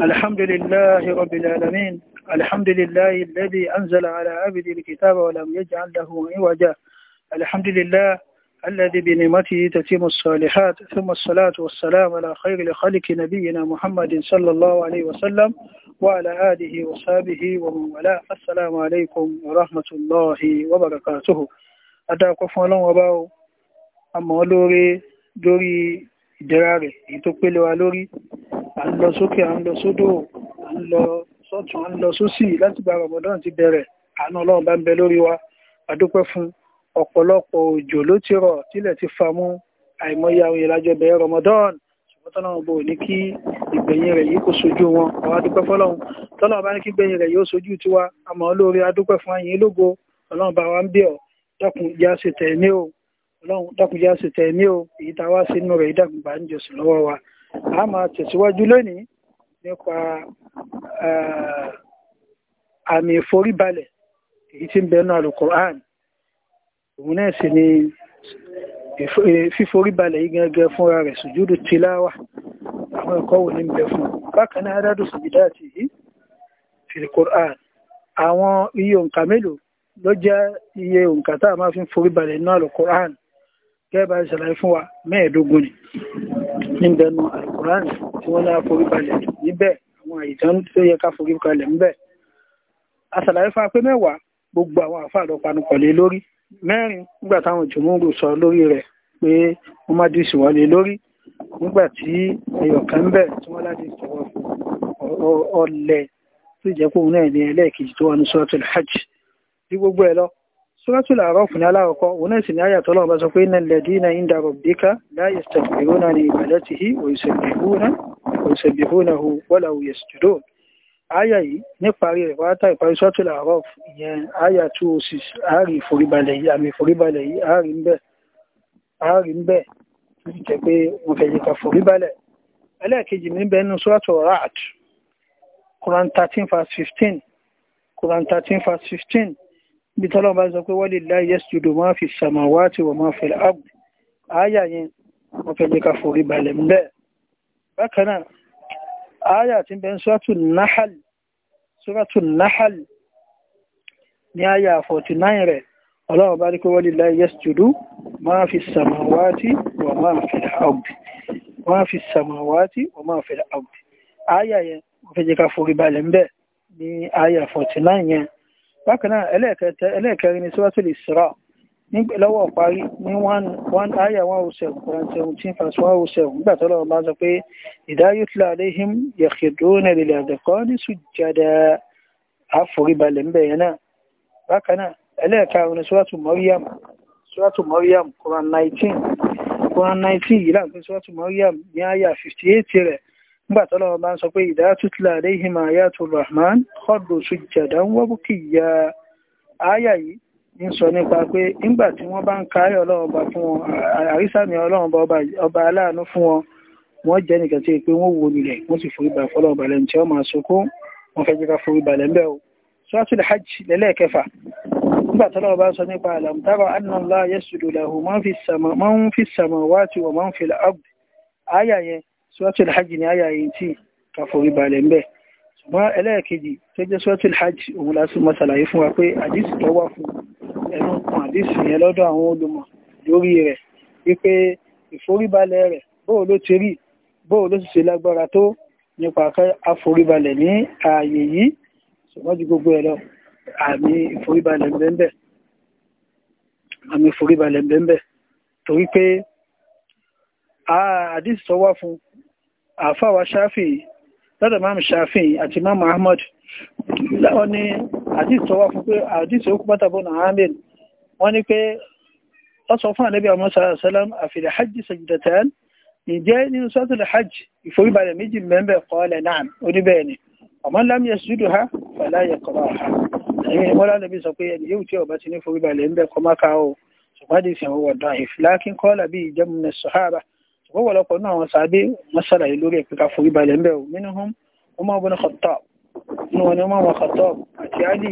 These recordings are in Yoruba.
الحمد لله رب العالمين الحمد لله الذي أنزل على عبده الكتاب ولم يجعل له عوجا الحمد لله الذي بنعمته تتم الصالحات ثم الصلاة والسلام على خير لخلق نبينا محمد صلى الله عليه وسلم وعلى آله وصحبه ومن والاه السلام عليكم ورحمة الله وبركاته أدعوكم الله وباو أما لوري دوري ìdẹ́ra rẹ̀ لوري à ń lọ sókè à ń lọ sódò à ń lọ sọ́tún à ń lọ sósì láti gba ramadan ti bẹ̀rẹ̀ àánú ọlọ́run bá ń bẹ lórí wa àdúpẹ́ fún ọ̀pọ̀lọpọ̀ òjò ló ti rọ̀ tílẹ̀ ti fa mú àìmọye àwọn ìlàjọ bẹ̀rẹ̀ ramadan ṣùgbọ́n tọ́lọ́run bò ní kí ìgbẹ̀yìn rẹ̀ yìí kò sojú wọn àwọn adúpẹ́ fọlọ́run tọ́lọ́run bá ní kí ìgbẹ̀yìn rẹ̀ yóò sojú tiwa àmọ́ lórí adúpẹ́ fún ayé lógo ọlọ́run bá wa ń bẹ̀ ọ́ dákun já ṣe tẹ̀ ní o ọlọ́run dákun já ṣe tẹ̀ ní o èyí tá a máa tẹ̀síwájú lónìí nípa àmì ìforíbalẹ̀ èyí tí ń bẹ náà Al-Qur'an òun náà sì ni fíforíbalẹ̀ yìí gẹ́gẹ́ fúnra rẹ̀ sùjúdù tìláwà àwọn ẹ̀kọ́ wò ní ń bẹ fún bákan náà adádù sùjúdà àti yìí fil-Qur'an àwọn iye òǹkà mélòó ló jẹ́ iye òǹkà tá a máa fi foríbalẹ̀ náà Al-Qur'an gẹ́gẹ́ bá ṣàlàyé fún wa mẹ́ẹ̀ẹ́dógún ni níbẹ̀nu alukuran tí wọ́n náà forí balẹ̀ níbẹ̀ àwọn àìsàn tó yẹ ká forí balẹ̀ níbẹ̀ àṣàlàyé fún apé mẹ́wàá gbogbo àwọn àfáà lọ panu pọ̀lé lórí mẹ́rin nígbà táwọn jùmúrù sọ lórí rẹ̀ pé wọ́n má dìísì wọlé lórí nígbà tí ẹyọ̀kan ń bẹ̀ tí wọ́n láti sọ̀rọ̀ ọlẹ̀ tó jẹ́ pé òun náà ní ẹlẹ́ẹ̀kejì tó wà ní suratul hajj bí gbogbo ẹ̀ lọ suratul araf ní alákọ̀ọ́kọ́ òun náà sì ní àyà tọ́lọ́run bá sọ pé innal ladina inda rabbika la yastakbiruna an ibadatihi wa yusabbihunahu wa lahu yasjudun àyà yìí níparí rẹ̀ pátá ìparí suratul araf ìyẹn àyà 206 àárí ìforíbalẹ̀ yìí àmì ìforíbalẹ̀ yìí àárí ń bẹ̀ àárí ń bẹ̀ tó ti jẹ́ pé wọ́n fẹ́ yẹ ká foríbalẹ̀ ẹlẹ́ẹ̀kejì níbẹ̀ nínú suratul ra'd Quran 13 verse 15 Quran 13 verse 15 bí tọ́lọ́run bá sọ pé wọ́n lè láì yẹ́sùdò máa fi sàmàwátì wọ̀ máa fẹ̀lẹ̀ ààbò àáyà yẹn wọ́n fẹ́ jẹ́ ká forí balẹ̀ ńbẹ́ bákan náà àáyà tí ń bẹ sọ́tù nahal sọ́tù nahal ní àáyà 49 rẹ̀ ọlọ́run bá ní pé wọ́n lè láì yẹ́sùdò máa fi sàmàwátì wọ̀ máa máa fẹ̀lẹ̀ ààbò àáyà yẹn wọ́n fẹ́ jẹ́ ká forí balẹ̀ ńbẹ́ ní àáyà 49 yẹn bákan náà ẹlẹ́ẹ̀kẹrin ni suratul Isra lọ́wọ́ parí ní one aya one oh seven one seventeen verse one oh seven nígbà tó lọ́wọ́ bá sọ pé idha yutla alayhim yakhduna lil adqani sujjada àforíbalẹ̀ ń bẹ̀yẹn náà bákan náà ni suratul Maryam suratul Maryam Quran nineteen Quran nineteen yìí láǹpẹ́ suratul Maryam ní aya fifty eight rẹ̀ nígbà tọ́lọ́wọ́ bá ń sọ pé idha tutla alayhim ayatu rahman kharru sujjadan wa bukiya ááyà yìí ń sọ nípa pé nígbà tí wọ́n bá ń kárí ọlọ́run ọba fún wọn àrísà ní ọlọ́run ọba aláàánú fún wọn wọ́n jẹ́ nìkan tí pé wọ́n wo nílẹ̀ wọ́n sì forí balẹ̀ fọlọ́run tí wọ́n máa sunkún wọ́n fẹ́ jẹ́ forí balẹ̀ ńbẹ́ o suratul hajj lẹ́lẹ́kẹfà nígbà tó lọ́wọ́ bá sọ nípa alam tara anna Allah yasjudu lahu man fi samawati wa man fil ard ááyà yẹn suratul hajj ní àyà yìí tí káforí balẹ̀ ń bẹ̀ ṣùgbọ́n ẹlẹ́ẹ̀kejì tó jẹ́ suratul hajj òun lásì mọ́ ṣàlàyé fún wa pé àdìsí tó wà fún ẹnu kan àdìsí yẹn lọ́dọ̀ àwọn olùmọ̀ lórí rẹ̀ wípé ìforíbalẹ̀ rẹ̀ bóò ló ti rí bóò ló sì ṣe lágbára tó nípa àforíbalẹ̀ ní ààyè yìí ṣùgbọ́n ju gbogbo ẹ̀ lọ àmì ìforíbalẹ̀ bẹ́ẹ̀ àmì ìforíbalẹ̀ bẹ́ẹ̀ torí pé àdìsí ah, tó wà fún àfáwà ṣáfì lọ́dọ̀ máàmù ṣáfì àti máàmù ahmad láwọn ni àdìsọ wá fún pé àdìsọ ó kú pátábọ̀ náà ahmed wọ́n ní pé wọ́n sọ fún ànábì àmọ́ sàlám àfihàn hajj sajdatan ǹjẹ́ nínú sọ́tò lè hajj ìforíbalẹ̀ méjì mẹ́mbẹ̀ kọ́ọ̀lẹ̀ náà oníbẹ̀ẹ́ ni ọmọ lámì yasjudu ha fala yaqra'ha ẹ̀yìn mọ́lá nàbí sọ pé ẹni yóò kọ́ wọ́wọ́lọpọ̀ náà wọn sàábé wọn sàlàyé lórí ẹ̀pẹ̀ka forí balẹ̀ ńbẹ̀ nínú hàn Umar ibn Khattab inú wọn ni Umar ibn Khattab àti Ali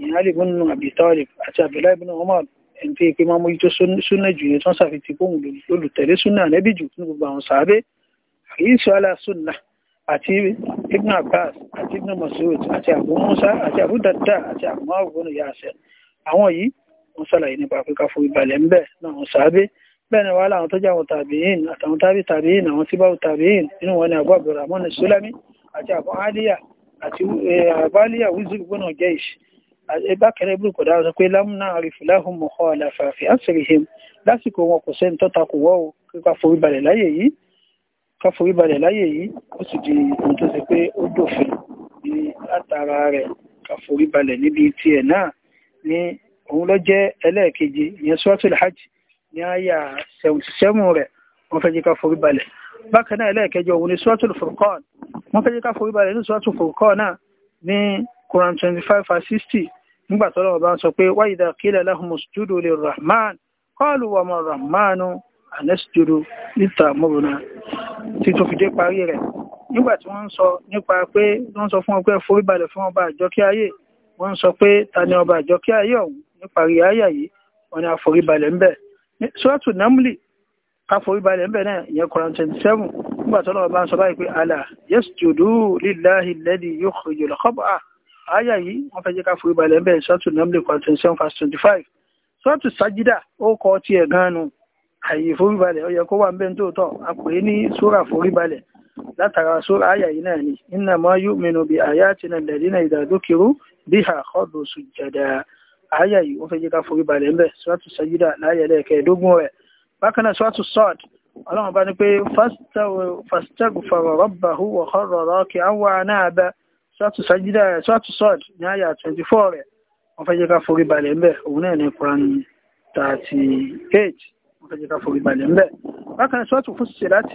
ìyẹn Ali ibn Abi Talib àti Abdullahi ibn Umar ẹni tó yẹ pé máa mójútó súnà jù ní tó ń ṣàfihàn kóhùn lólùtẹ̀lé súnà nẹ́bí jù fún gbogbo àwọn sàábé àyíṣu ala súnà àti Ibn Abbas àti Ibn Mas'ud àti Abu Musa àti Abu àti bẹ́ẹ̀ni wà láwọn tó jẹ́ àwọn tàbíyìn àtàwọn tábí tàbíyìn àwọn tí báwo tàbíyìn nínú wọn ni àbọ̀ abdulrahman sulami àti àbọ̀ aliya àti àbálíyà wizir gbọ́nà jeish bákẹ́rẹ́ bí kò dára sọ pé lámúná àrífìláhùn mọ̀kọ́ àlàfààfì àṣìrìhìm lásìkò wọn kò sẹ́ni tọ́ta kò wọ́ ká forí balẹ̀ láyè yìí ká forí balẹ̀ láyè yìí ó sì di ohun tó ṣe pé ó dòfin ní látara rẹ̀ ká forí balẹ̀ níbi tiẹ̀ náà ní òun lọ jẹ́ ẹlẹ́ẹ̀kejì ìyẹn suratul hajj ní àyà sẹ́mù rẹ̀ wọ́n fẹ́ jẹ́ ká forí balẹ̀ bákan náà ẹlẹ́ẹ̀kẹjọ òun ni suratul furqan wọ́n fẹ́ jẹ́ ká forí balẹ̀ ní suratul furqan náà ní quran twenty five and sixty nígbà tó lọ́wọ́ bá ń sọ pé wa idha qila lahumu usjudu lirrahman qalu wa ma rahmanu anasjudu litamuruna títún fìdí parí rẹ̀ nígbà tí wọ́n ń sọ nípa pé wọ́n sọ fún ọ pé forí balẹ̀ fún ọba àjọkí ayé wọ́n ń sọ pé ta ni ọba àjọkí ayé ọ̀hún níparí ayé yìí wọ́n ní àforíbalẹ̀ ń bẹ̀ sọ́ọ̀tù námúlì káforíbalẹ̀ ń bẹ̀ náà ìyẹn Quran 27 nígbà tọ́lọ́wọ́ bá ń sọ báyìí pé alà yasjudu lillahi alladhi yukhrijul khab'a àyà yìí wọ́n fẹ́ jẹ́ káforíbalẹ̀ ń bẹ̀ sọ́ọ̀tù námúlì Quran 27 verse 25 sọ́ọ̀tù sajida ó kọ́ tiẹ̀ gan-an àyè ìforíbalẹ̀ ó yẹ kó wà ń bẹ̀ ń tóòtọ́ a pè é ní sóra foríbalẹ̀ látara sóra àyà yìí náà ni innama yu'minu bi ayatina alladhina idha dhukiru biha khadu sujjada àyà yìí wọ́n fẹ́ jẹ́ ká forí balẹ̀ ńbẹ̀ suratu sajida láyẹ̀ lẹ́ẹ̀kẹ́ẹ̀dógún rẹ̀ bákan náà suratu sọ́ọ̀t ọlọ́run bá ní pé fastaghfara rabbahu wa kharra raki'an wa anaba suratu sajida suratu sọ́ọ̀t ní twenty four. rẹ̀ wọ́n fẹ́ jẹ́ ká forí balẹ̀ ńbẹ̀ òun náà ní Quran 38 wọ́n fẹ́ jẹ́ ká forí balẹ̀ ńbẹ̀ bákan náà suratu fussilat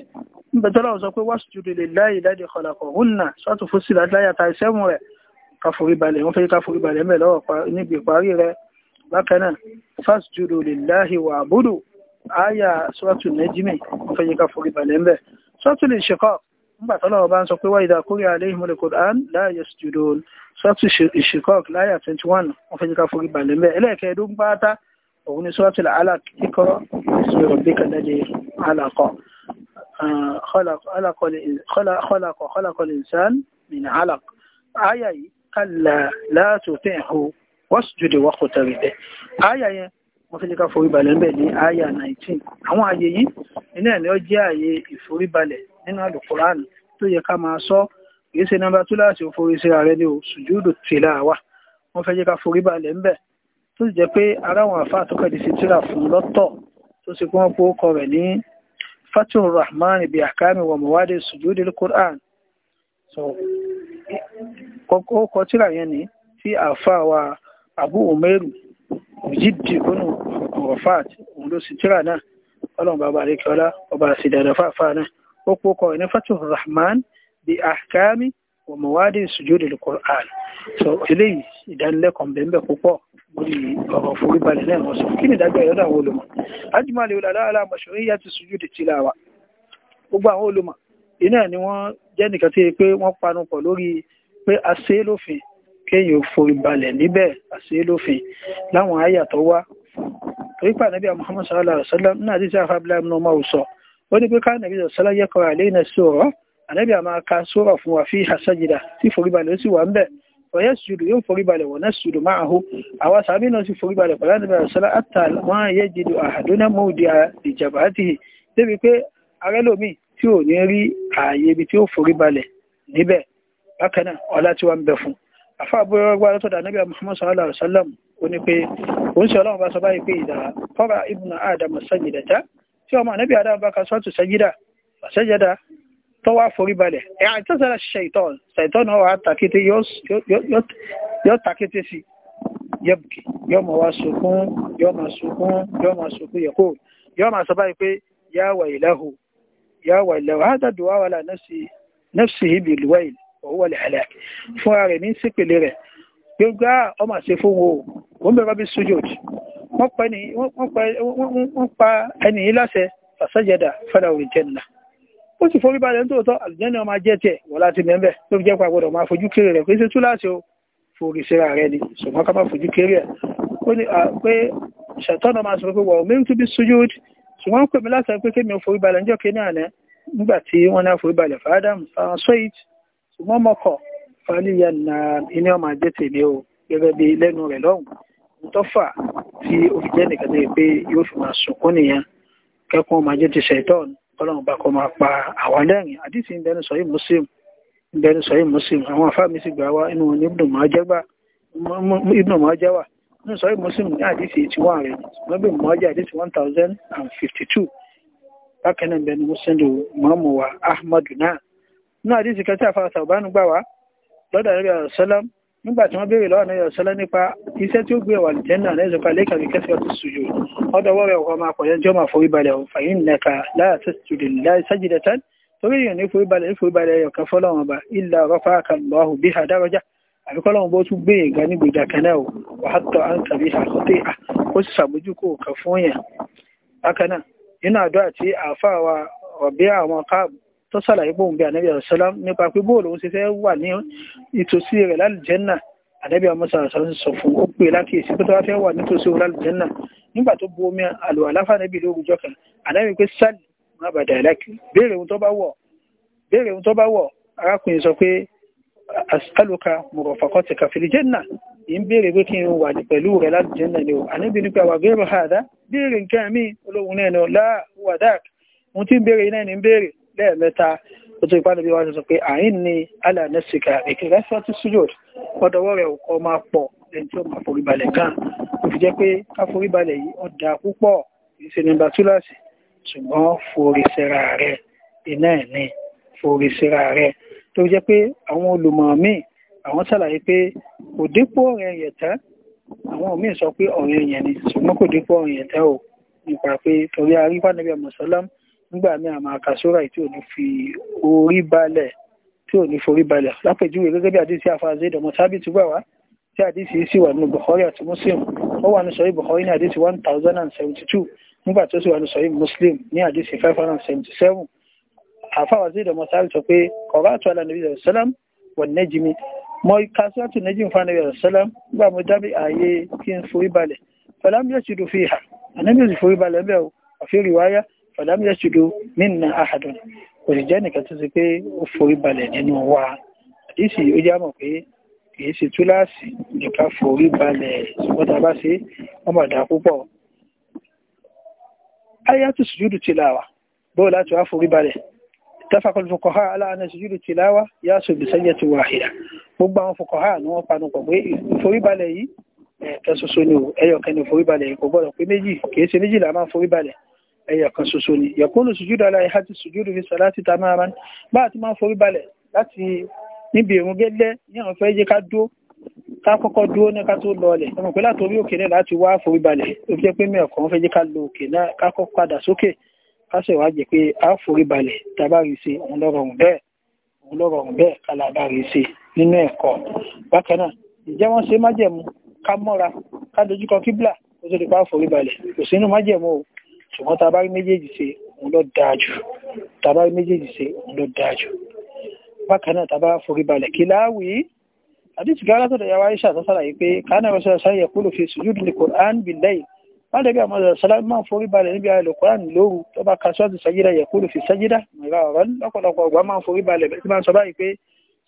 ń bẹ̀tọ́lọ́run sọ pé wasjudu lillahi alladhi khalaqahunna suratu fussilat láyà 37 rẹ̀ káforíbalẹ̀ wọ́n fẹ́ káforíbalẹ̀ mẹ́ lọ́wọ́ níbi ìparí rẹ̀ bákan náà fasjudu lillahi wa abudu aya sọ́tù nẹ́jìmì wọ́n fẹ́ káforíbalẹ̀ mẹ́ sọ́tù lè ṣekọ́ nígbà tọ́lọ́wọ́ bá ń sọ pé wa idha quri'a alayhimul Qur'an la yasjudun sọ́tù ìṣekọ́ láyà 21 wọ́n fẹ́ káforíbalẹ̀ mẹ́ ẹlẹ́ẹ̀kẹ́ẹ̀dógún pátá òun ni sọ́tù alaq kíkọ́ rabbika alladhi alaqa خلق خلق خلق الإنسان من علق آية kálà láàtò tẹ́ẹ̀hó wọ́sùjúdè wọ́kọ̀tà rẹ̀ bẹ́ẹ̀. àyà yẹn wọ́n fi ní ká foríbalẹ̀ ń bẹ̀ ní àyà 19 àwọn àyè yìí iná ẹ̀ ni ó jẹ́ àyè ìforíbalẹ̀ nínú àlùkùránì tó yẹ ká máa sọ kìí ṣe nọ́mbà tó láti forí sí ara ní o sùjúdù tìlà wa wọ́n fẹ́ jẹ́ ká foríbalẹ̀ ń bẹ̀ tó sì jẹ́ pé ara àwọn àfa tó sì fatul rahman bi akami wa mawadi sujudi al so kọ́kọ́ kọ tíra yẹn ni tí àfa wa abu umeru jíde kúnnù wafat òun ló sì tíra náà ọlọ́run bàbá àríkọ́lá ọba sì dàdà fàáfàá náà ó kó kọ ní fatuh rahman bi ahkami wa mawadi sujudi al-Qur'an so eléyìí ìdánilẹ́kọ̀ọ́ bẹ́ẹ̀ púpọ̀ lórí ọ̀rọ̀ foríbalẹ̀ náà wọ́n sọ kí ni ìdájọ́ ìyọ́dọ̀ àwọn olùmọ̀ ajmal ulama ala mashru'iyyati sujudi tilawa gbogbo àwọn olùmọ̀ iná ni wọ́n jẹ́ nìkan tí pé wọ́n panupọ̀ lórí pé àṣẹ lófin kéèyàn forí balẹ̀ níbẹ̀ àṣẹ lófin láwọn àyà tó wá torí pé ànábì Muhammad sallallahu alaihi wa sallam náà ti sẹ́ àfábílẹ̀ ọmọ ọmọ òsọ ó ní pé ká ànábì sọ́lá yẹ kọ́ra àlẹ́ iná sí ọ̀rọ̀ ànábì àmà ka sọ́rọ̀ fún wa fi àṣàjìdà tí forí balẹ̀ ó sì wà ń bẹ̀ ọ̀yẹ́ sùdù yóò forí balẹ̀ wọ̀nà sùdù máa hó àwọn sàbí náà sì forí balẹ̀ pẹ̀lú ànábì sọ́lá àtàwọn yẹ jìdù àhàdúnà òdì ìjàmbá tìhì débi pé arẹ́lòmíì tí ò ní rí ààyè ibi tí ó forí balẹ̀ níbẹ̀ bákan náà ọlá tí wọ́n ń bẹ fún afa abúlé wá lọ́tọ̀dá níbi muhammad sallallahu alaihi sallam ó ní pé òun sì ọlọ́run bá sọ báyìí pé ìdá kọ́ra ibùn adam sajidata tí ọmọ ànábì adam bá ka sọ́ọ̀tù sajida sajida tó wá forí balẹ̀ ẹ̀ àti sọ́sọ́ra ṣèitọ́n ṣèitọ́n náà wà á tàkété yóò tàkété sí yẹ́bùkì yóò máa wá sunkún yóò máa sunkún yóò máa sunkún yẹ̀kó yóò máa sọ báyìí pé yáwà ìlẹ́hùn yà wà ilẹ̀ wà hádà dùwà wà nẹ́fṣì ibi ìlúwà ìlú ọwọ́ ìlẹ̀ fúnra rẹ̀ ní sípele rẹ̀ gbégbá ọmọ àṣẹ fún ما ó ń bẹ rọ́bí sujud wọ́n pa ẹni yìí láṣẹ fàṣẹjẹdà fẹ́rẹ̀ orí jẹ́nà ó sì forí balẹ̀ nítòótọ́ àlùjẹ́nà ọmọ ajẹ́ tiẹ̀ wọ́n láti mẹ́mbẹ̀ tó fi jẹ́ pa gbọ́dọ̀ máa fojú kéré rẹ̀ pé ṣe túláṣẹ o forí síra rẹ̀ ni ṣùgbọ́n ká má fojú kéré ẹ̀ pé ṣàtọ́nà máa sọ pé wọ́n mẹ́rin tó bí sujud ṣùgbọ́n wọ́n pè mí láti pé kémi forí balẹ̀ níjọ́ kí ní àná nígbà tí wọ́n ní àforí balẹ̀ fàádàm sọ́ìt ṣùgbọ́n mọ́kọ̀ fàálìyà na iná ọmọ ajé tèmi o gẹ́gẹ́ bí lẹ́nu rẹ̀ lọ́hùn tọ́fà tí ó fi jẹ́ nìkan tó yẹ pé yóò fi máa sunkún nìyẹn kẹ́kún ọmọ ajé ti ṣẹ̀tọ́n ọlọ́run bá kọ́ máa pa àwọn lẹ́rìn àdìsí ń bẹnu sọ́yìn muslim ní sọ́rí muslim ní àdísì 81 rẹ̀ lọ́bí mọ́jà àdísì two bákan náà bẹni muslim mọ́mù wa ahmadu náà ní àdísì kẹta àfà sàbánu gbà wá lọ́dọ̀ àrẹ́bí àrẹ́sọ́lá nígbà tí wọ́n béèrè lọ́wọ́ náà sọ́lá nípa iṣẹ́ tí ó gbé wà lìjẹ́nà náà ẹ̀sùn palẹ́ kàbí kẹsì ọtún sùjò ọdọ̀ wọ́ rẹ̀ ọkọ̀ máa pọ̀ yẹn tí ó máa forí balẹ̀ fàyín nẹ̀ka láàtí sùjò láì sájìdẹ̀tán torí èèyàn ní forí balẹ̀ ní forí balẹ̀ ẹ̀yọ̀kan fọ́lọ́wọn ọba ìlà ọ̀rọ̀ fáàkà lọ́hùn bí àdáwọjá àbí kọ́lọ́run bó tún gbé ìgbà ní gbèjà kan náà wà á tọ́ àwọn tàbí àkọ́tẹ́ à ó sì ṣàmójúkò kan fún yàn bákan náà nínú àdó àti àáfàá wa ọ̀bí àwọn káàbù tó sàlàyé bóun bí ànábì àṣọlá nípa pé bóòlù òun ṣe fẹ́ wà ní ìtòsí rẹ̀ lálùjẹ́nà ànábì àmọ́sà àṣọlá sọ fún ó pè lákìyèsí pé tó bá fẹ́ wà nítòsí òun lálùjẹ́nà nígbà tó bu omi àlùwà láfàànábì lórúkọ kan ànábì pé sálì má bàdà ìlàkì béèrè ohun tó bá wọ̀ béèrè ohun tó bá wọ̀ arákùnrin sọ pé as'aluka murafaqatika fil janna yìí ń béèrè pé kí n wà pẹ̀lú rẹ̀ láti janna ni o àníbi nípa wà gẹ́rù hàdá béèrè nǹkan mi olóhùn náà ni ọ̀la wadak mo ti ń béèrè iná ni ń béèrè lẹ́ẹ̀mẹ́ta ó tó ipá níbi wá sọ pé àyín ni ala nafsika ìkìlẹ̀ sọ́tù sujud ọ̀dọ̀wọ́ rẹ̀ ọkọ̀ máa pọ̀ ẹni tí ó máa forí kan ó fi jẹ́ pé ká forí balẹ̀ yìí ọ̀dà púpọ̀ ìṣèlúbà túláàsì ṣùgbọ́n forí sẹ́ra rẹ̀ iná ẹ̀ ní forí sẹ́ra rẹ̀ tó jẹ́ pé àwọn olùmọ̀ míì àwọn ṣàlàyé pé kò dípò ọ̀rẹ́ yẹ̀tá àwọn míì sọ pé ọ̀rẹ́ yẹn ni ṣùgbọ́n kò dípò ọ̀rẹ́ yẹ̀tá o nípa pé torí arífà níbi àmọ̀sálám nígbà míì àmọ́ àkàsóra tí ò ní fi orí balẹ̀ tí ò ní forí balẹ̀ lápèjúwe gẹ́gẹ́ bí àdìsí àfàzé ìdọ̀mọ̀ sábì túbà wá tí àdìsí sì wà nínú Bukhari àti Muslim ó wà ní sọ Bukhari ní àdìsí one thousand and seventy two nígbà tó sì wà ní sọ Muslim ní àdìsí five hundred and seventy seven àfáwà sí ìdọ̀mọ̀ sáré sọ pé ọ̀rọ̀ àtọ́ àlànà ìbí ìrọ̀sẹ́lẹ̀m wọ̀ nẹ́jìmí mọ ika sọ́tù nẹ́jìm fún àlànà ìrọ̀sẹ́lẹ̀m nígbà mo dábì ààyè kí n forí balẹ̀ fẹ̀lámi yóò ṣùdù fi hà ànábì yóò sì forí balẹ̀ bẹ́ẹ̀ o àfi rí wáyà fẹ̀lámi yóò ṣùdù mí nà àhàdùn kò sì jẹ́ nìkan tó ṣe pé ó forí balẹ̀ nínú wa àdìsí ó já mọ̀ pé kìí ṣe túláàsì nìkan forí balẹ̀ ṣùgbọ́n tá a bá ṣe ọmọ ìdá púpọ̀ ayatu sùjúdù tilawa bó láti wá forí اتفق الفقهاء على أن سجود التلاوة يصل بسجدة واحدة gbogbo àwọn fọkànhá ni wọ́n panu pọ̀ pé ìforíbalẹ̀ yìí ẹ̀ẹ̀kan ṣoṣo ni o ẹyọ kan ní ìforíbalẹ̀ yìí kò gbọ́dọ̀ pé méjì kìí ṣe méjì la máa foríbalẹ̀ ẹyọ kan ṣoṣo ni yakunu sùjúdù aláìhá ti sùjúdù fi sọ láti tamaran bá àti máa foríbalẹ̀ láti níbi ìrún gẹ́lẹ́ ní àwọn fẹ́ yé ká dúó ká kọ́kọ́ dúó ní ká tó lọlẹ̀ ọmọ pé látòrí òkè náà láti wá foríbalẹ̀ ó fi jẹ́ pé mẹ́ọ̀kan fẹ́ yé ká lo òkè náà ká kọ́ padà sókè káṣẹ̀wájẹ́ pé a forí balẹ̀ tábàrí ṣe òun lọ́rọ̀ òun bẹ́ẹ̀ òun lọ́rọ̀ òun bẹ́ẹ̀ kálábàrí ṣe nínú ẹ̀kọ́ bákan náà ìjẹ́ wọ́n ṣe májẹ̀mú ká mọ́ra ká dojúkọ kíbla ó tó di pa forí balẹ̀ kò sínú májẹ̀mú o ṣùgbọ́n tábàrí méjèèjì ṣe òun ló dáa jù tábàrí méjèèjì ṣe òun ló dáa jù bákan náà tábàrí forí balẹ̀ kí láwì àdìsí gáárà tó yàrá iṣẹ́ àtọ́sára yìí pé kánà rẹ̀ sọ̀rọ̀ sáyẹ̀ kúrò fi sùjúdù ní Qur'an bil-layl Fádẹ́bí àmọ́dọ̀ Sọlámí máa ń forí balẹ̀ níbi ayẹlò Kọ́ránì lóru tó bá ka sọ́ọ̀tì sájídà yẹ̀kúlù fi sájídà ìrà ọ̀rọ̀ lọ́pọ̀lọpọ̀ ọgbà máa ń forí balẹ̀ tí máa ń sọ báyìí pé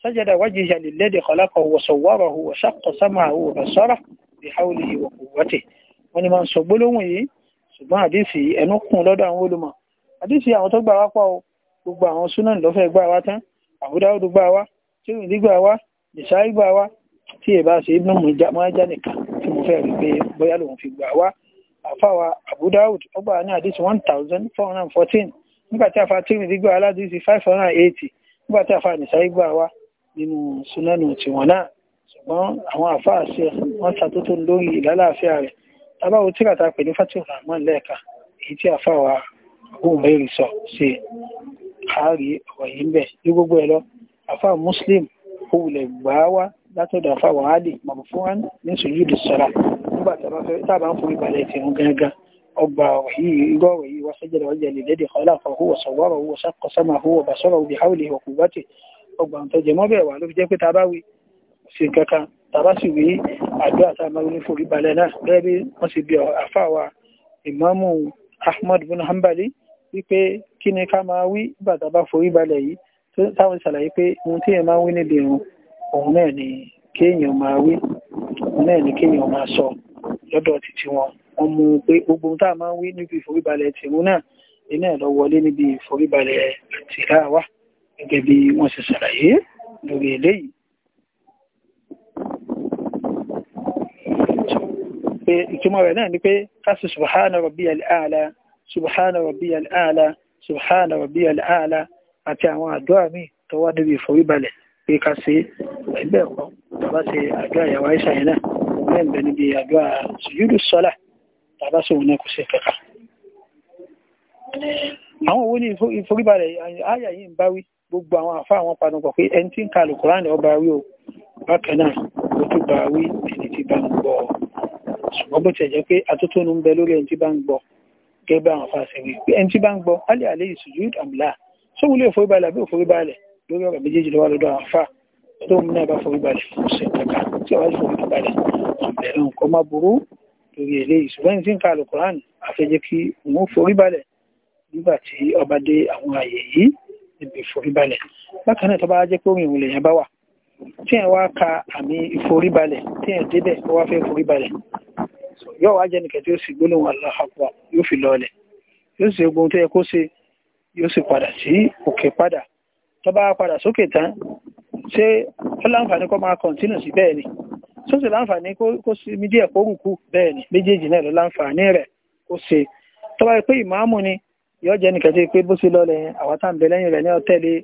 sájídà wájú ìyàlè lẹ́dẹ̀ kọ̀lákọ̀ wọ̀sọ̀wọ́rọ̀ wọ̀sàkọ̀ sámà wọ̀sọ̀rọ̀ ìhàwùlì ìwọ̀kùwọ́tì. Wọ́n ni máa ń sọ gbólóhùn yìí ṣùgbọ́n àdìsí ẹnu kún lọ́dọ̀ àwọn olùmọ̀. Àdìsí àwọn tó gbà wá pọ̀ gbogbo àwọn súnà lọ́fẹ́ gbà wá tán, àbúdáwùdù gbà wá, tìrìndí gbà wá, ìsáyí gbà wá, tí ì bá ṣe ibùdó mọ̀ já nìkan tí mo fẹ́ rí pé bóyá lòun fi gbà wá àfàwà abudawud ọgbà ní àdìsí one thousand four hundred and fourteen nígbà tí àfà tìrìmìdì gbà aládìsí five hundred and eighty nígbà tí àfà nìsáyí gbà wá nínú sunanu tiwọn náà ṣùgbọ́n àwọn àfà àṣẹ wọn ṣàtúntò lórí ìlàlàáfíà rẹ̀ tábàwò tíkàtà pè ní fatima rahman lẹ́ẹ̀ka èyí tí àfàwà agbóhùnbẹ́rì sọ ṣe àárí ọ̀rọ̀ yìí ń bẹ̀ ní gbogbo ẹ̀ lọ afa muslim ó wulẹ̀ gbà wá látọ̀dọ̀ àfà wàhálì màbùfúnwán ní sùjúdù sọ́ra nígbà tàbá ń forí balẹ̀ tí wọ́n gángan ọgbà ìgọ́rọ̀ yìí wá sẹ́jẹ̀ lọ́wọ́ jẹ́ lẹ́dẹ̀ kọ́lá fọwọ́ sọ̀wọ́rọ̀ owó sàkọsọ́mà owó bàṣọ́rọ̀ òbí haúlì ọkù wátì ọgbà tó jẹ mọ́bẹ̀ wà ló fi jẹ́ pé tàbá wí sí Ahmad bin Hanbali wípé kí ni ká máa wí nígbà tàbá forí balẹ̀ yìí táwọn ṣàlàyé pé ohun tí ẹ máa ń wí níbi kéèyàn máa wí náà ni kéèyàn máa sọ lọ́dọ̀ títí wọn wọ́n mú pé gbogbo tá a máa ń wí níbi ìforíbalẹ̀ tìrún náà iná ẹ̀ lọ wọlé níbi ìforíbalẹ̀ tìláwà gẹ́gẹ́ bí wọ́n ṣe ṣàlàyé lórí eléyìí pé ìtumọ̀ rẹ̀ náà ni pé káṣí subhana rabbiyal a'la subhana rabbiyal a'la subhana rabbiyal a'la àti àwọn àdúrà míì tó wá níbi ìforíbalẹ̀ pé ká ṣe ẹgbẹ́ ọ̀pọ̀ bá ṣe àdúrà ìyàwó àìsàn náà náà bẹ̀ níbi àdúrà sùjúdù sọ́là tàbá sóhun náà kò sí kẹ̀kà àwọn owó ní ìforíbalẹ̀ àyà yìí ń bá wí gbogbo àwọn àfá àwọn panupọ̀ pé ẹni tí ń ka lùkùrán ní ọba rí o bákan náà ó tún bá wí ẹni tí bá ń gbọ́ ṣùgbọ́n bó tẹ̀ jẹ́ pé atótónu ń bẹ lórí ẹni tí bá ń gbọ́ gẹ́gẹ́ bá àwọn fàṣẹ wí pé ẹni tí bá ń gbọ́ alẹ́ àlẹ́ ìṣùjú àmìlà sóhun lè foríbalẹ̀ àbí òforíbalẹ̀ lórí ọ̀rọ̀ méjèèjì bẹ̀rẹ̀ nǹkan má burú lórí eléyìí ṣùgbọ́n ní tí ń ka alukuran afẹ́jẹ́ kí òun ó forí balẹ̀ nígbà tí ọba dé àwọn àyè yìí níbi ìforíbalẹ̀ bákan náà tó bá jẹ́ pé orin ìwòlè yẹn bá wà tí ẹ̀ wá ka àmì ìforíbalẹ̀ tí ẹ̀ débẹ̀ ó wá fẹ́ foríbalẹ̀ yóò wá jẹ́ nìkẹ́ tí ó sì gbólóhùn Allahu Akbar yóò fi lọlẹ̀ yóò sì gbóhùn tó yẹ kó ṣe yóò sì padà sí òkè padà tó bá padà sókè tán ṣé ó láǹfààní máa kọ̀ǹtínù sí bẹ́ẹ̀ ni tó sì láǹfààní kó sinmi díẹ̀ kó rùkú bẹ́ẹ̀ ni méjèèjì náà ló láǹfààní rẹ̀ kó ṣe tó bá yẹ pé ìmáàmù ni yọ jẹ́ nìkan tó yẹ pé bó ṣe lọ lẹ́yìn àwọn tá à ń bẹ lẹ́yìn rẹ̀ ní ọ̀tẹ́lẹ̀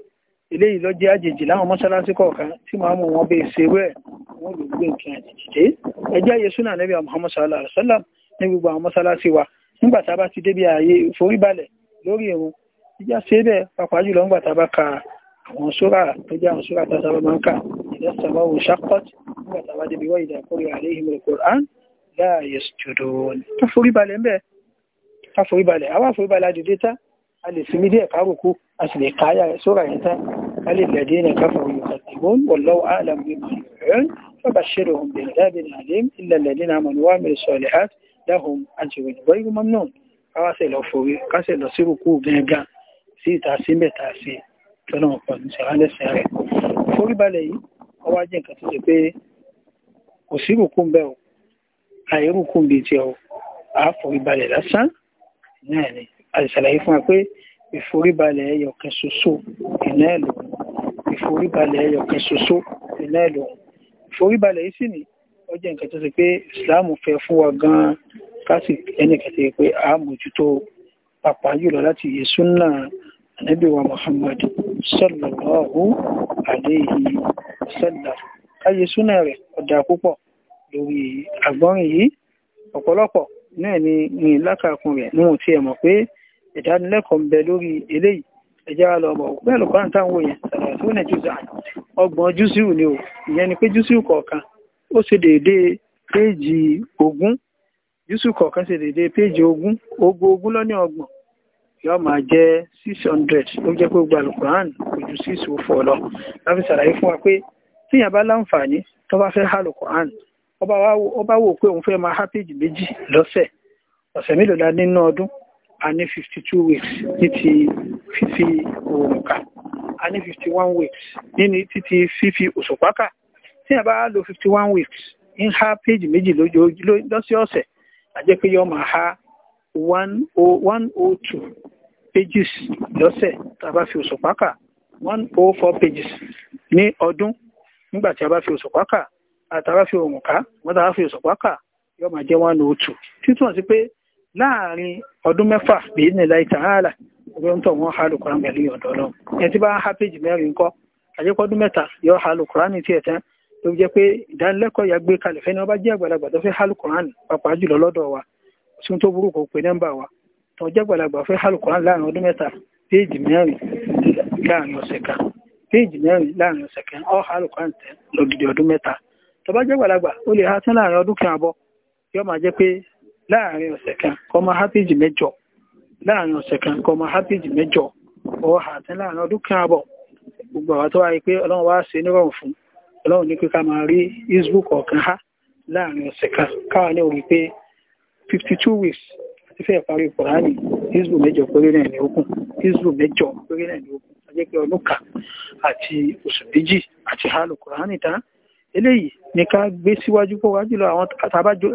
eléyìí ló jẹ́ àjèjì láwọn mọ́ṣáláṣí kọ̀ọ̀kan tí ìmáàmù wọn ṣe wẹ̀ wọn lè wa ka àwọn ṣúra tó jẹ́ àwọn ṣúra tàbí máa ń kà ìdẹ́sàmáwò ṣakọ́t nígbàtàwà débi wọ́n ìdà al-Qur'an láàyè jùdó ká forí balẹ̀ ńbẹ̀ ká forí balẹ̀ àwọn forí balẹ̀ àdìdé tá a lè fi mídíẹ̀ kárùkù a sì lè káyà ṣúra yìí tá a lè lẹ̀dí ní káfà yukadibun wallahu a'lam bima alim illa alladhina amanu wa 'amilu lahum ajrun ghayru mamnun káwá sì lọ forí ká sì lọ sí rùkú gẹ́gẹ́ sí tọ́lọ́wọ́n pọ̀ ní sàrálẹ́sẹ̀ rẹ̀ foríbalẹ̀ yìí ọwá jẹ́ nǹkan tó jẹ́ pé kò sí rùkún bẹ́ẹ̀ o àìrùkún bíi tiẹ̀ o àá foríbalẹ̀ lásán náà ni a sì ṣàlàyé fún wa pé ìforíbalẹ̀ ẹyọ̀kẹ́ ṣoṣo iná ẹ̀ lòun ìforíbalẹ̀ ẹyọ̀kẹ́ ṣoṣo iná ẹ̀ lòun ìforíbalẹ̀ yìí sì ni ó jẹ́ nǹkan tó ṣe pé ìsìláàmù fẹ́ fún wa gan-an ká ẹnìkan tó yẹ pé àá mójútó pàpà jùlọ láti yẹ súnà ànábì wa Muhammad sallallahu alayhi sallam káyé súnà rẹ̀ ọ̀dà púpọ̀ lórí àgbọ́rin yìí ọ̀pọ̀lọpọ̀ náà ni yìn lákàkùn rẹ̀ níwọ̀n tí ẹ mọ̀ pé ìdánilẹ́kọ̀ọ́ ń bẹ lórí eléyìí ẹjẹ́ wa lọ́mọ bẹ́ẹ̀ lọ́kọ́ náà táwọn èèyàn sàlàyé tó nẹ̀ jùzà ọgbọ̀n jùsíù ni o ìyẹn ni pé jùsíù kọ̀ọ̀kan ó ṣe déédéé péèjì ogún jùsíù kọ̀ọ̀kan ṣe déédéé péèjì ogún ogún ogún lọ́ní ọgbọ̀n yóò máa jẹ́ six hundred ló jẹ́ pé gbogbo alukuran kò ju six o oh four lọ láti ṣàlàyé fún wa pé tíyàn bá láǹfààní tó bá fẹ́ há alukuran ó bá wò pé òun fẹ́ máa há péjì méjì lọ́sẹ̀ ọ̀sẹ̀ mélòó la nínú ọdún a ní fifty two weeks ní ti fífi oòrùn kà a ní fifty one weeks nínú títí fífi òṣùpá kà tíyàn bá lo fifty one weeks ń há péjì méjì lọ́sẹ̀ ọ̀sẹ̀ àjẹpé yóò máa há one oh one oh two pages lọ́sẹ̀ tá a bá fi òṣùpá kà one oh four pages ní ọdún nígbà tí a bá fi òṣùpá kà àtàrà fi òrùn ká wọ́n tàrà fi òṣùpá kà yóò máa jẹ́ one oh two títún sí pé láàrin ọdún mẹ́fà bíi ní ilẹ̀ ìtàhálà ọgbẹ́ ń tọ̀ wọ́n ha lùkùrán pẹ̀lú ọ̀dọ́ lọ ẹ tí bá ha péjì mẹ́rin kọ́ àjẹpọ́dún mẹ́ta yóò ha lùkùrán ní tiẹ̀ tán ló jẹ́ pé ìdánilẹ́kọ̀ọ́ yà gbé kalẹ̀ fẹ́ni wọ́n bá jẹ́ àgbàlagbà tó fẹ́ ha lùkùrán pàápàá jùlọ lọ́dọ̀ wa sun tó burú kò pé nọ́mbà wa tó jẹ́ gbàlagbà fẹ́ alukuran láàrin ọdún mẹta, péèjì mẹ́rin láàrin ọ̀sẹ̀ kan kan ha tán láàrin ọdún kan àbọ̀ yóò ma je pé kan ha péèjì mẹ́jọ láàrin ọ̀sẹ̀ kan kó máa ha péèjì mẹ́jọ ọ́ ha kan gbogbo àwọn tó wáyé pé ọlọ́run wá ṣe nírọ̀rùn fún ọlọ́run ha láàrin ọ̀sẹ̀ kan káwọn fifty two weeks àti fẹ́ẹ̀ parí kùránì hizbu mẹ́jọ péré náà ní okùn hizbu mẹ́jọ péré náà ní okùn ajẹ́ pé ọdún kan àti oṣù méjì àti hálù kùránì tán eléyìí ní ká gbé síwájú pọ̀ wájú lọ àwọn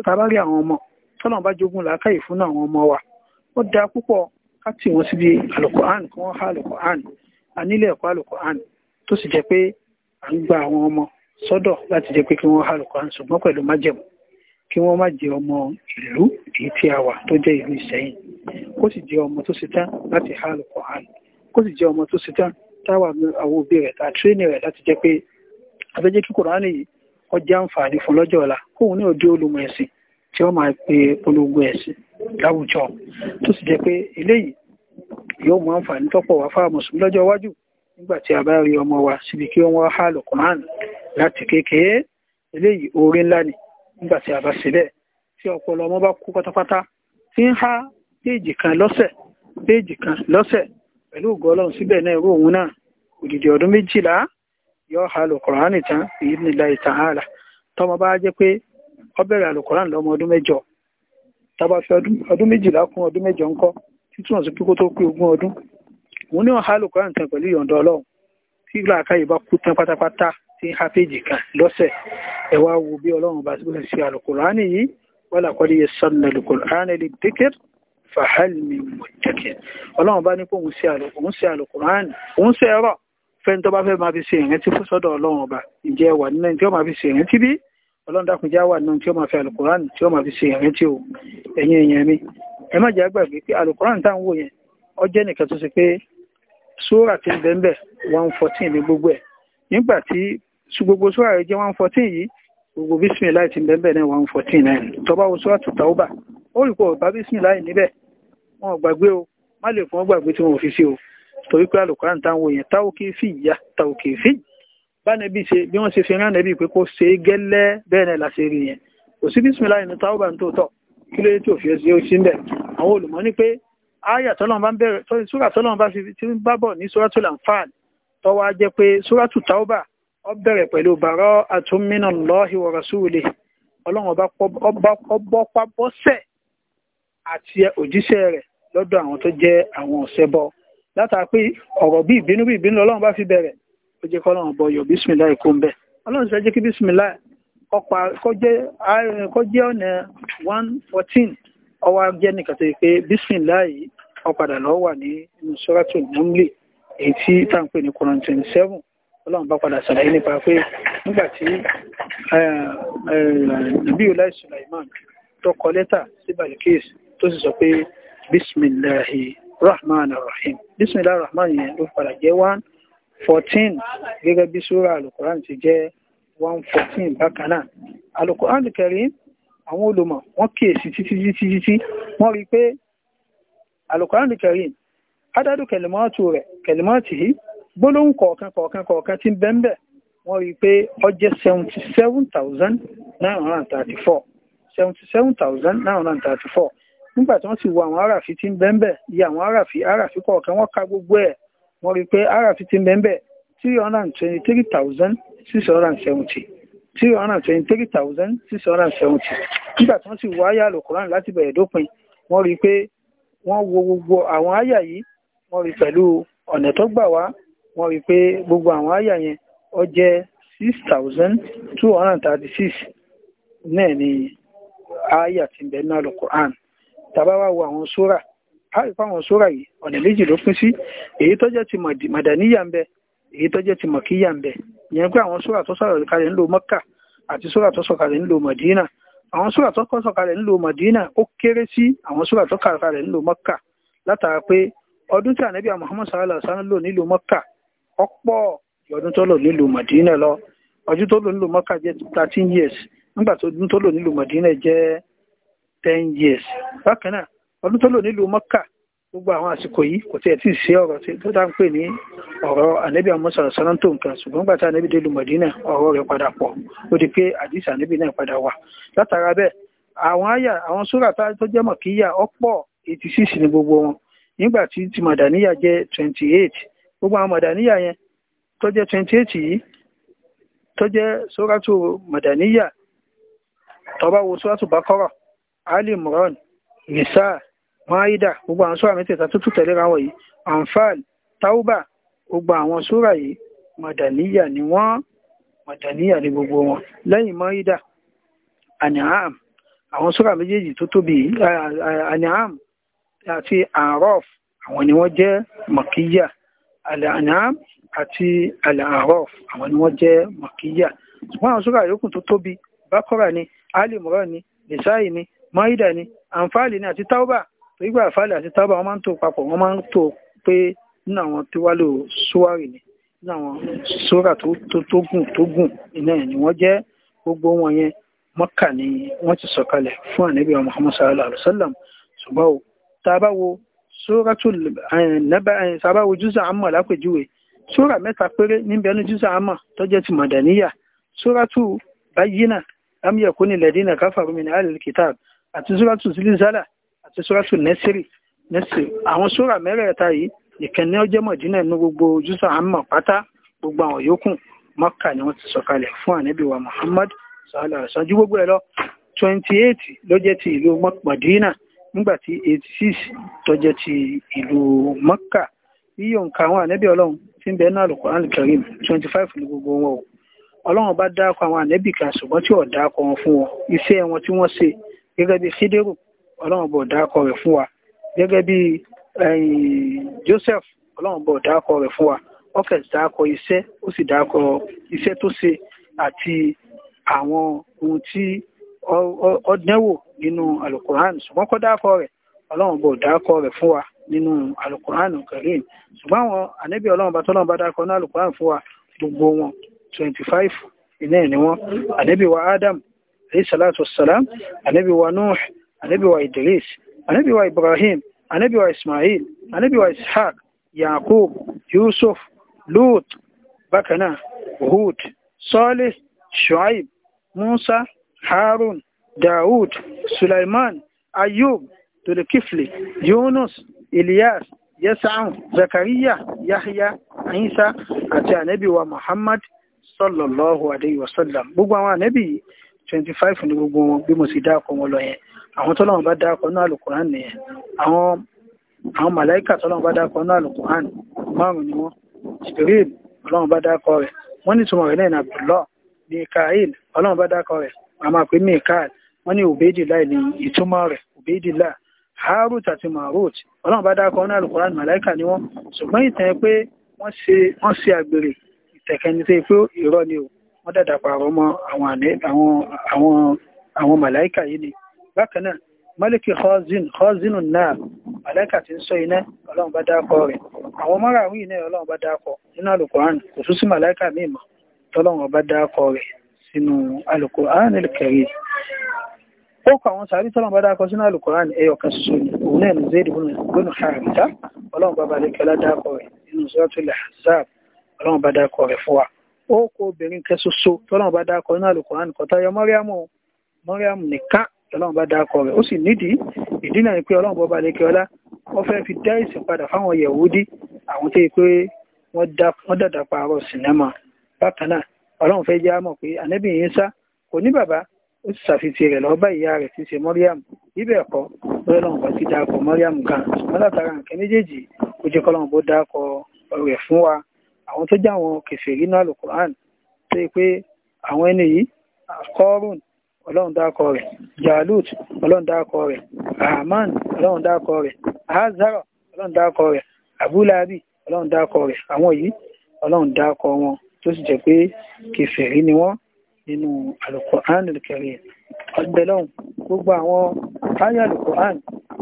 tàbárí àwọn ọmọ tọ́lọ́n bá jogún làákàyè fún àwọn ọmọ wa ó da púpọ̀ ká tì wọ́n síbi àlùkùránì kí wọ́n há àlùkùránì a nílẹ̀ ẹ̀kọ́ àlùkùránì tó sì jẹ́ pé à ń gba àwọn ọmọ sọ́dọ̀ láti jẹ́ pé kí wọ́n há àlùkùránì ṣùgbọ́n pẹ̀lú májẹ̀mú kí wọ́n má jẹ ọmọ ìlú èyí tí a wà tó jẹ́ ìlú Ìṣẹ̀yìn kó sì jẹ ọmọ tó ṣetán láti há lọ́kọ̀ hàn kó sì jẹ ọmọ tó ṣetán táwa àwọn òbí rẹ̀ tá tírénì rẹ̀ láti jẹ́ pé abẹ́jẹ́ kí Kùránì yìí ọjà àǹfààní fún lọ́jọ́ ọ̀la kóun ní òde olùmọ̀ ẹ̀sìn tí wọ́n máa pe polongo ẹ̀sìn láwùjọ tó sì jẹ́ pé eléyìí yóò mú àǹfààní tọ́pọ̀ wá fáwọn mùsùlùmí lọ́jọ́ iwájú nígbà tí a bá rí ọmọ wa síbi kí wọ́n wá há lọ́kọ̀ hàn láti kékeré eléyìí oore ńlá ni nígbà tí a bá ṣe bẹ́ẹ̀ tí ọpọlọ ọmọ bá kú pátápátá tí ń há péèjì kan lọ́sẹ̀ péèjì kan lọ́sẹ̀ pẹ̀lú ògo ọlọ́run síbẹ̀ náà irú òun náà òdìdí ọdún méjìlá yọ ha lùkùránì tán èyí nílá ìtàn ààlà tọmọ bá jẹ́ pé ó bẹ̀rẹ̀ àlùkùránì lọ́mọ ọdún mẹ́jọ tàbá fi ọdún méjìlá kún ọdún mẹ́jọ ńkọ́ títúmọ̀ sí kíkó tó pé ogún ọdún òun ní ọ̀há lùkùránì tán pẹ̀lú ìyọ̀ǹda ọlọ́run tí ìlà àkáyè bá kú tán pátápátá sí hafeji kan lọ́sẹ̀ ẹ wá wo bí ọlọ́run bá síbẹ̀ sí alukur'ani yìí wala qad yassarna alukur'ani lidhikr fahal min muddakir ọlọ́run bá ní kó òun sí alukur'ani òun sí ẹ̀rọ fẹ́ni tó bá fẹ́ máa fi ṣe ìrántí fún sọ́dọ̀ ọlọ́run ọba ǹjẹ́ wà nínú tí ó máa fi ṣe ìrántí bí ọlọ́run dákun já wà nínú tí ó máa fi alukur'ani tí ó máa fi ṣe ìrántí o ẹ̀yin èèyàn mi ẹ má jẹ́ gbàgbé pé alukur'ani táwọn wò yẹn ó jẹ́ nìkan tó ṣe pé sóòrà ti ń bẹ́ńbẹ́ one fourteen ní gbogbo ẹ̀ nígbà tí gbogbo sóra rẹ̀ jẹ́ one fourteen yìí gbogbo bismillah ti bẹ́ẹ̀ náà one fourteen náà tó bá wo sóra tó tàwọ́bà ó rí pọ̀ bá bismillah níbẹ̀ wọn ò gbàgbé o má lè fún ọ gbàgbé tí wọn ò fi sí o torí pé àlùkùránì táwọn èèyàn táwọn kì í fi ìyá táwọn kì í fi bánẹbí ṣe bí wọn ṣe fi rán nẹbí pé kó ṣe é gẹ́lẹ́ bẹ́ẹ̀ náà láṣẹ rí yẹn kò sí bísímìlá ní táwọn bá ń tòótọ́ kí ló dé tí òfin ẹsẹ sí bẹ àwọn olùmọ̀ ní pé àyà tọlọ́run bá ń bẹ̀rẹ̀ sóra tọlọ́run bá ti ń bá bọ ní sóràtù tọwọ á pé sóràtù táwọn ọ bẹ̀rẹ̀ pẹ̀lú bàrọ́ àtúnmínà lọ́hìwọ̀ rasúlẹ̀ ọlọ́run ọba bọ́sẹ̀ àti òjíṣẹ́ rẹ̀ lọ́dọ̀ àwọn tó jẹ́ àwọn ọ̀sẹ̀bọ látà pé ọ̀rọ̀ bí ìbínú bí ìbínú ọlọ́run bá fi bẹ̀rẹ̀ ó jẹ́ kọ́ ọlọ́run bọ yọ bísímìlá ìkó ń bẹ̀ ọlọ́run ṣe jẹ́ kí bísímìlá kó jẹ́ ọ̀nà one fourteen ọwọ́ ajẹ́ nìkan tó yẹ pé bísímìlá yìí ó padà lọ wà ní inú sọ́ràtún Namli èyí tí táǹpẹ̀ ní kọ́ńtẹ̀ǹ seven ọlọ́run bá padà ṣàlàyé nípa pé nígbà tí nàbí ọláì Sulaiman tó kọ lẹ́tà sí Balikis tó rahman rahim bismillahi rahman yẹn ló padà jẹ́ fourteen gẹ́gẹ́ bí sura alukuran ti one fourteen bákan náà alukuran Karim àwọn olùmọ̀ wọ́n kíyèsí títí títí títí wọ́n rí i pé alukuran Karim adadu kẹlẹmọ́tù rẹ̀ kẹlẹmọ́tù yìí gbólóhùn kọ̀ọ̀kan kọ̀ọ̀kan kọ̀ọ̀kan ti ń bẹ́ńbẹ̀ wọ́n rí i pé ọjẹ́ seventy seven thousand nine hundred and thirty four seventy seven thousand and thirty four nígbà tí wọ́n sì wo àwọn aráàfin ti ń iye àwọn aráàfin aráàfin kọ̀ọ̀kan wọ́n gbogbo ẹ̀ wọ́n rí i pé aráàfin ti ń three hundred and twenty three thousand six hundred and seventy three hundred and twenty three thousand six hundred and seventy nígbà tí wọ́n wọ́n rí i pé gbogbo àwọn àyà yẹn ó jẹ́ six thousand two hundred and thirty six náà ni àyà ti bẹ̀ náà Al-Qur'an tàbá wá wo àwọn sóra àrí fáwọn sóra yìí ọ̀nà méjì ló pín sí èyí tó jẹ́ ti màdàníyà ń bẹ èyí tó jẹ́ ti màkíyà ń bẹ ìyẹn pé àwọn sóra tó sọ̀rọ̀ kalẹ̀ ńlò Mọ́kà àti sóra tó sọ̀kalẹ̀ ńlò Màdínà àwọn sóra tó sọ̀kalẹ̀ ńlò Màdínà ó kéré sí àwọn sóra tó ńlò Mọ́kà látara pé ọdún tí ọ̀pọ̀ ọdún tó lò nílùú Madina lọ ọdún tó lò nílùú Mọ́kà jẹ́ thirteen years nígbà tó ọdún tó lò nílùú Madina years bákan náà ọdún tó lò gbogbo àwọn àsìkò yìí kò tiẹ̀ tí ì sí ọ̀rọ̀ tó dá ń pè ní ọ̀rọ̀ ànẹ́bí àwọn sọ̀rọ̀ tó nǹkan ṣùgbọ́n gbàtà dé lu padà ó látara bẹ́ẹ̀ àwọn àyà àwọn sóra gbogbo àwọn mọ̀dàníyà yẹn tó jẹ́ 28 yìí tó jẹ́ sóràtù mọ̀dàníyà tọba wo sóràtù bakọ́rọ̀ ali imran nisa maida gbogbo àwọn sóra mẹ́tẹ̀ẹ̀ta tó tún tẹ̀lé ráwọ̀ yìí anfal tauba gbogbo àwọn sóra yìí mọ̀dàníyà ni wọ́n mọ̀dàníyà ni gbogbo wọn lẹ́yìn maida aniam àwọn sóra méjèèjì tó tóbi eh, eh, aniam àti arof àwọn ni wọ́n jẹ́ mọ̀kíyà al-an'am àti al-a'raf àwọn ni wọ́n jẹ́ makiyya ṣùgbọ́n àwọn sura yòókù tó tóbi bakora ni ali imran ni nisa'i ni maida ni anfali ni àti tauba nígbà àfàlẹ àti tauba wọ́n máa ń tò papọ̀ wọ́n máa ń tò pé nínú àwọn tí wálò suwari ni nínú àwọn sura tó gùn tó gùn iná ẹ̀ ni wọ́n jẹ́ gbogbo wọn yẹn mọ́kà ni wọ́n ti sọ̀kalẹ̀ fún ànábì Muhammad sallallahu alaihi wasallam ṣùgbọ́n tá a bá wo sóràtù nẹ́bà sábàwò jùsà àmọ̀ lápèjúwe sóra mẹ́ta péré níbẹ̀ ní jùsà àmọ̀ tó jẹ́ ti mọ̀dàníyà sóràtù báyínà lámìyẹ̀kú ní lẹ́dínà káfàrú min ahlil kitab àti sóràtù zilzala àti sóràtù nẹ́sírì nẹ́sírì àwọn sóra mẹ́rẹ̀ẹ̀ta yìí nìkan ní ọjọ́ mọ̀dínà ní gbogbo jùsà àmọ̀ pátá gbogbo àwọn yòókù mọ́kà ni wọ́n ti sọ̀kalẹ̀ fún ànábì muhammad sallallahu alaihi wasallam ju gbogbo ẹ̀ lọ twenty eight ló jẹ́ ti ìlú mọ̀dínà nígbàtí 86 tó jẹ́ ti ìlú Mọ́kà yíyọ nǹkan àwọn ànẹ́bí ọlọ́run tí ń bẹ náà Al-Qur'an Al-Karim 25 ní gbogbo wọn o ọlọ́run bá dákọ̀ àwọn ànẹ́bì kan ṣùgbọ́n tí ò dákọ̀ wọn fún wọn iṣẹ́ wọn tí wọ́n ṣe gẹ́gẹ́ bí Khidiru ọlọ́run bọ̀ dákọ̀ rẹ̀ fún wa gẹ́gẹ́ bí Joseph ọlọ́run bọ̀ dákọ̀ rẹ̀ fún wa ọkẹ̀ dákọ̀ iṣẹ́ ó sì dákọ̀ iṣẹ́ tó ṣe àti àwọn ohun tí ọdẹ́wò nínú alukur'an ṣùgbọ́n kọ́ dákọ̀ rẹ̀ ọlọ́run bò dákọ̀ rẹ̀ fún wa nínú alukur'an karim ṣùgbọ́n àwọn ànábì ọlọ́run bá tọ́lọ́run bá dákọ̀ ní alukur'an fún wa gbogbo wọn 25 iná ẹ̀ ni wọ́n ànábì wa adam alayhi salatu wassalam ànábì wa nuh ànábì wa idris ànábì wa ibrahim ànábì wa ismail ànábì wa ishaq yaqub yusuf lut bákanáà hud salih shuaib musa هارون، داود، سليمان، أيوب، tolekifle yunus ilyas yasa'u zakariya yahya isa àti ànábì wa muhammad sallallahu alayhi wa sallam gbogbo àwọn ànábì 25 ní gbogbo wọn bí mo sì dákọ wọn lọ yẹn àwọn tọ́lọ́wọ́n bá dákọ náà alukuran nìyẹn àwọn àwọn màláìkà tọ́lọ́wọ́n bá dákọ náà alukuran márùn ni wọn jibril ọlọ́wọ́n bá dákọ rẹ̀ wọ́n ní túmọ̀ rẹ̀ náà ní abdullah mikael ọlọ́wọ́n bá dákọ rẹ̀ a máa pè mikael wọ́n ní obedilai ní ìtumọ̀ rẹ̀ obedilai harut àti marut ọlọ́run bá dákọ̀ ní alukoran malaika ni wọ́n ṣùgbọ́n ìtàn pé wọ́n ṣe àgbèrè ìtẹ̀kẹ́nisẹ́ pé irọ́ ni o wọ́n dàdà pààrọ̀ mọ́ àwọn malaika yìí ni bákan náà mọ́líkì khazin khazinu náà malaika ti ń sọ iná ọlọ́run bá dákọ̀ rẹ̀ àwọn márààrún yìí náà ọlọ́run bá dákọ̀ nínú alukoran kò tún sí malaika míì mọ́ tọ́lọ́run bá dákọ̀ rẹ̀ sínú Al-Qur'an al-Karim ó kọ àwọn sàárì tọ́lọ̀ bá dákọ sínú Al-Qur'an ẹyọ kan ṣoṣo ni òun náà ní Zaid ibn Haritha ọlọ́run bá balẹ̀ kẹlá dákọ rẹ̀ nínú Suratul Ahzab ọlọ́run bá dákọ rẹ̀ fún wa ó kọ obìnrin kan ṣoṣo tọ́lọ̀ bá dákọ sínú Al-Qur'an kọ̀tà yọ Mọ́ríàmù Mọ́ríàmù nìkan ọlọ́run bá dákọ rẹ̀ ó sì nídìí ìdí náà ni pé ọlọ́run bá balẹ̀ kẹlá wọ́n fẹ́ fi dá ìsìn padà fáwọn Yahudi àwọn tó yẹ pé wọ́n dàdà pààrọ̀ sinimá bákan náà ọlọ́run fẹ́ jẹ́ àmọ̀ pé ànábì Ìsá kò ní bàbá ó sì ṣàfihàn rẹ̀ lọ́ọ́ bá ìyá rẹ̀ ti ṣe mọ́ríàmù bíbẹ̀ ẹ̀kọ́ lọ́ọ́ lọ́run bá ti dáàkọ̀ mọ́ríàmù gan ṣùgbọ́n látara nǹkan méjèèjì ó jẹ́ kọ́lọ́run bó dáàkọ̀ rẹ̀ fún wa àwọn tó jẹ́ àwọn kèfèrí náà Al-Qur'an tó yẹ pé àwọn ẹni yìí kọ́rùn ọlọ́run dáàkọ̀ rẹ̀ jalut ọlọ́run dáàkọ̀ rẹ̀ rahman ọlọ́run dáàkọ̀ rẹ̀ azara ọlọ́run dáàkọ̀ rẹ̀ rẹ̀ tó sì jẹ́ pé kèfèrí ni wọ́n nínú Al-Qur'an Al-Karim gbogbo àwọn táyà Al-Qur'an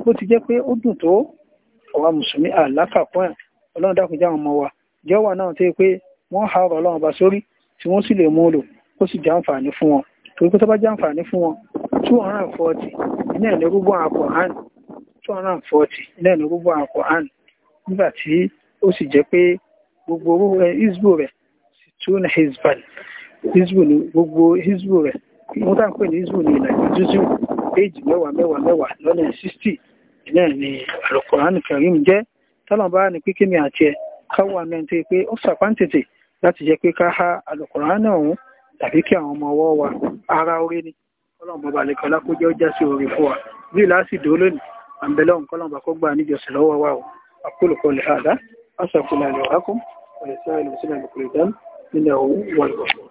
bó ti jẹ́ pé ó dùn tó ọwà mùsùlùmí àlákàkún ẹ̀ ọlọ́run dákun jáwọn ọmọ wa jọ́wọ́ náà tó yẹ pé wọ́n ha ọ̀rọ̀ ọlọ́run ọba sórí tí wọ́n sì lè mú lò ó sì jẹ́ àǹfààní fún wọn torí pé tó bá jẹ́ àǹfààní fún wọn two hundred and forty iná ẹ̀ ní rúgbọ́ Al-Qur'an two hundred and forty iná ẹ̀ ní rúgbọ́ Al-Qur'an nígbà tí ó sì jẹ́ pé gbogbo orú ẹ̀ ìsbò rẹ̀ tún hezbollah hizbu ni gbogbo hizbu rẹ̀ wọ́n tàn pè ní hizbu ní ìlàjì jújú péjì mẹ́wàá mẹ́wàá mẹ́wàá lọ́nà 60 iná ní alukọ̀ránì karim jẹ́ tọ́lọ̀bá ní pínkí ní àti ẹ̀ káwọn àmì ẹni tó pé ó sàpáǹtètè láti jẹ́ pé ká ha alukọ̀ránì ọ̀hún tàbí kí àwọn ọmọ ọwọ́ wa ara orí ni kọ́lọ̀mọ́ balẹ̀ kọlá kó jẹ́ ó já sí orí fún wa bí láti dòó lónìí àǹbẹ̀lọ́ kọ́lọ̀mọ́ kó gbà níjọsìn lọ́wọ́ wa o akólùkọ́ lè hàdá asàkúnlẹ̀ àlẹ́ ọ̀hákùn ọ̀yẹ̀sẹ̀ ìlú sílẹ̀ ìlú kùrẹ̀dánù you know, what